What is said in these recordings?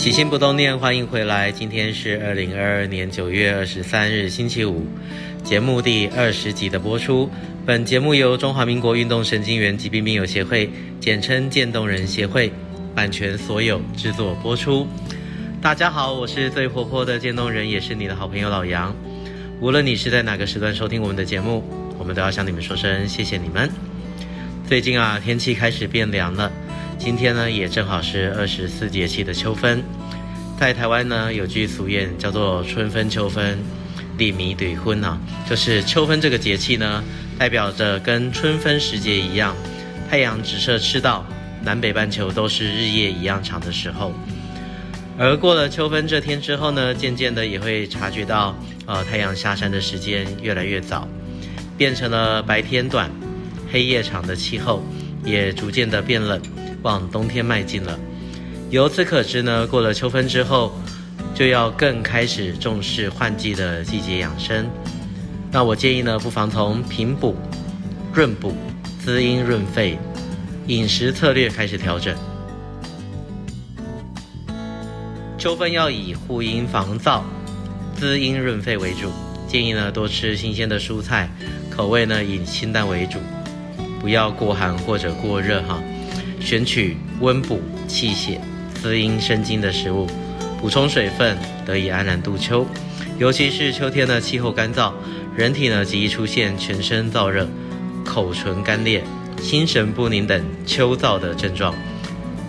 起心不動念，歡迎回來。今天是二零二二年九月二十三日，星期五，節目第二十集的播出。本節目由中華民國運動神經元疾病病友協會（簡稱健動人協會）版權所有，制作播出。大家好，我是最活潑的健動人，也是你的好朋友老楊。無論你是在哪個時段收聽我們的節目，我們都要向你們說聲謝謝你們。最近啊，天氣開始變涼了。今天呢，也正好是二十四節氣的秋分。在台灣呢，有句俗諺叫做“春分秋分，日冥對分”啊，就是秋分這個節氣呢，代表着跟春分時節一樣，太陽直射赤道，南北半球都是日夜一樣長的時候。而過了秋分這天之後呢，漸漸的也會察覺到，呃，太陽下山的時間越來越早，變成了白天短、黑夜長的氣候，也逐漸的變冷。往冬天邁進了，由此可知呢，過了秋分之後，就要更開始重視換季的季節養生。那我建議呢，不妨從平補、潤補、滋陰潤肺飲食策略開始調整。秋分要以護陰防燥、滋陰潤肺為主，建議呢多吃新鮮的蔬菜，口味呢以清淡為主，不要過寒或者過熱哈。選取溫補氣血、滋陰生津的食物，補充水分，得以安然度秋。尤其是秋天的氣候乾燥，人體呢極易出現全身燥熱、口唇乾裂、心神不寧等秋燥的症狀。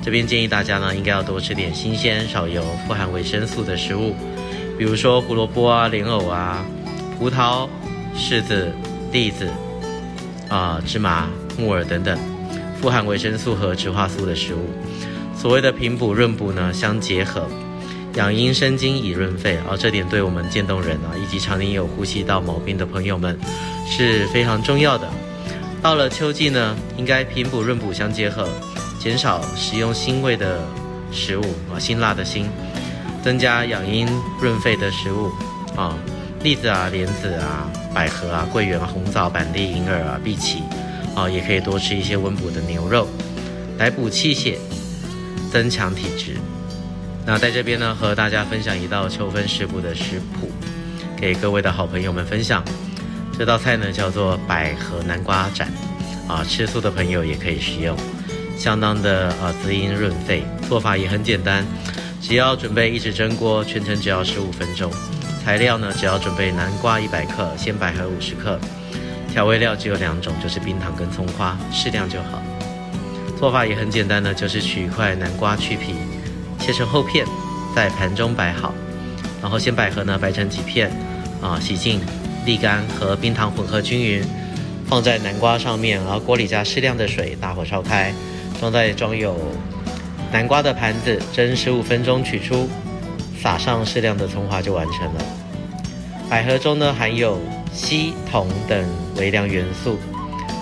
這邊建議大家呢，應該要多吃點新鮮、少油、富含維生素的食物，比如說胡蘿蔔啊、蓮藕啊、葡萄、柿子、栗子啊、呃、芝麻、木耳等等。富含維生素和植化素的食物，所謂的平補潤補呢，相結合，養陰生津以潤肺，而、啊、這點對我們漸凍人啊，以及常年有呼吸道毛病的朋友們是非常重要的。到了秋季呢，應該平補潤補相結合，減少食用辛味的食物啊，辛辣的辛，增加養陰潤肺的食物啊，梨子啊、蓮子啊、百合啊、桂圓啊、紅棗、板栗、鐺鐺鐺鐺銀耳啊、荸薺。啊，也可以多吃一些溫補的牛肉，來補氣血，增強體質。那在這邊呢，和大家分享一道秋分食補的食譜，給各位的好朋友們分享。這道菜呢叫做百合南瓜盞，啊，吃素的朋友也可以食用，相當的呃滋陰潤肺。做法也很簡單，只要準備一只蒸鍋，全程只要十五分鐘。材料呢，只要準備南瓜一百克，鮮百合五十克。調味料只有兩種，就是冰糖跟蔥花，適量就好。做法也很簡單呢，就是取一塊南瓜去皮，切成厚片，在盤中擺好。然後鮮百合呢，掰成幾片，啊，洗淨、瀝乾，和冰糖混合均勻，放在南瓜上面。然後鍋裡加適量的水，大火燒開，裝在裝有南瓜的盤子，蒸十五分鐘，取出，撒上適量的蔥花就完成了。百合中呢含有硒、銅等微量元素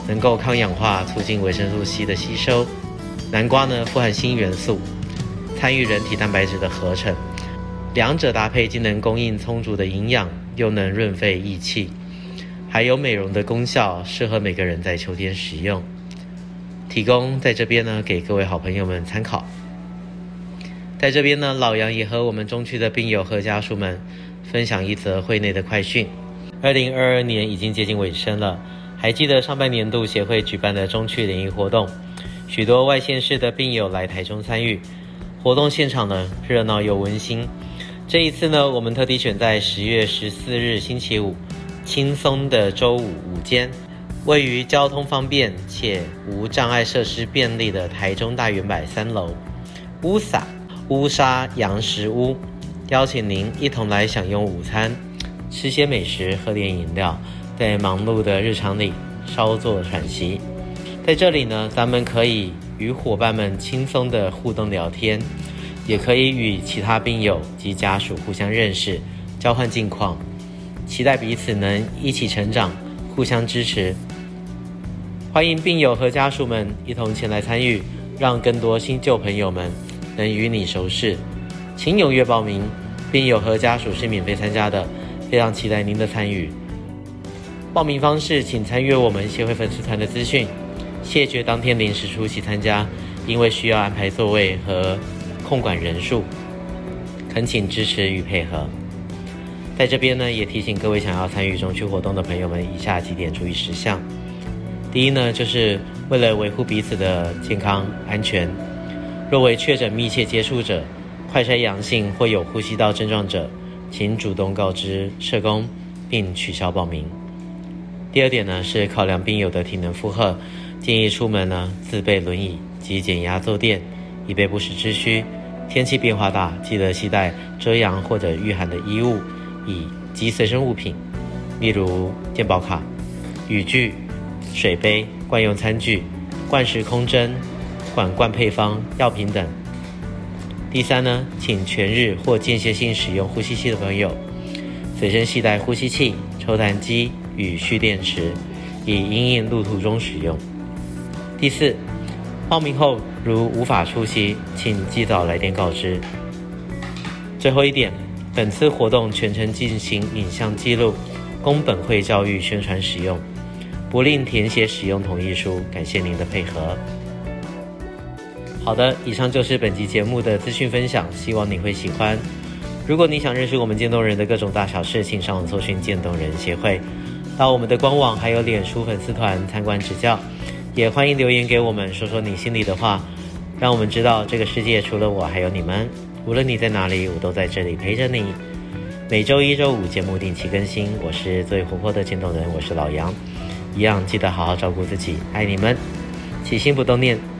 能夠抗氧化，促進維生素 C 的吸收。南瓜呢，富含鋅元素，參與人體蛋白質的合成。兩者搭配，既能供應充足的營養，又能潤肺益氣，還有美容的功效，適合每個人在秋天食用。提供在這邊呢，給各位好朋友們參考。在這邊呢，老羊也和我們中區的病友和家屬們分享一則會內的快訊。二零二二年已經接近尾聲了，還記得上半年度協會舉辦的中區聯誼活動，許多外縣市的病友來台中參與，活動現場呢，熱鬧又溫馨。這一次呢，我們特地選在十月十四日星期五，輕鬆的周五午間，位於交通方便且無障礙設施便利的台中大遠百三樓 WOOSA 屋莎洋食屋，邀請您一同來享用午餐。吃些美食，喝點飲料，在忙碌的日常裡稍作喘息。在這裡呢，咱們可以與夥伴們輕鬆的互動聊天，也可以與其他病友及家屬互相認識，交換近況，期待彼此能一起成長，互相支持。歡迎病友和家屬們一同前來參與，讓更多新舊朋友們能與你熟識。請踴躍報名，病友和家屬是免費參加的。非常期待您的參與。報名方式，請參閱我們協會粉絲團的資訊。謝絕當天臨時出席參加，因為需要安排座位和控管人數。懇請支持與配合。在這邊呢，也提醒各位想要參與中區活動的朋友們以下幾點注意事項：第一呢，就是為了維護彼此的健康安全，若為確診密切接觸者、快篩陽性或有呼吸道症狀者。請主動告知社工，並取消報名。第二點呢，是考量病友的體能負荷，建議出門呢自備輪椅及減壓坐墊，以備不時之需。天氣變化大，記得攜帶遮陽或者御寒的衣物，以及隨身物品，例如健保卡、雨具、水杯、慣用餐具、灌食空針、管灌配方、藥品等。第三呢，請全日或間歇性使用呼吸器的朋友，隨身攜帶呼吸器、抽痰機與蓄電池，以因應路途中使用。第四，報名後如無法出席，請及早來電告知。最後一點，本次活動全程進行影像記錄，供本會教育宣傳使用，不另填寫使用同意書，感謝您的配合。好的，以上就是本期節目的資訊分享，希望你會喜歡。如果你想認識我們漸凍人的各種大小事，請上網搜尋漸凍人協會，到我們的官網還有臉書粉絲團參觀指教，也歡迎留言給我們說說你心裡的話，讓我們知道這個世界除了我還有你們。無論你在哪裡，我都在這裡陪着你。每周一、周五節目定期更新，我是最活潑的漸凍人，我是老羊，一樣記得好好照顧自己，愛你們，起心不凍念。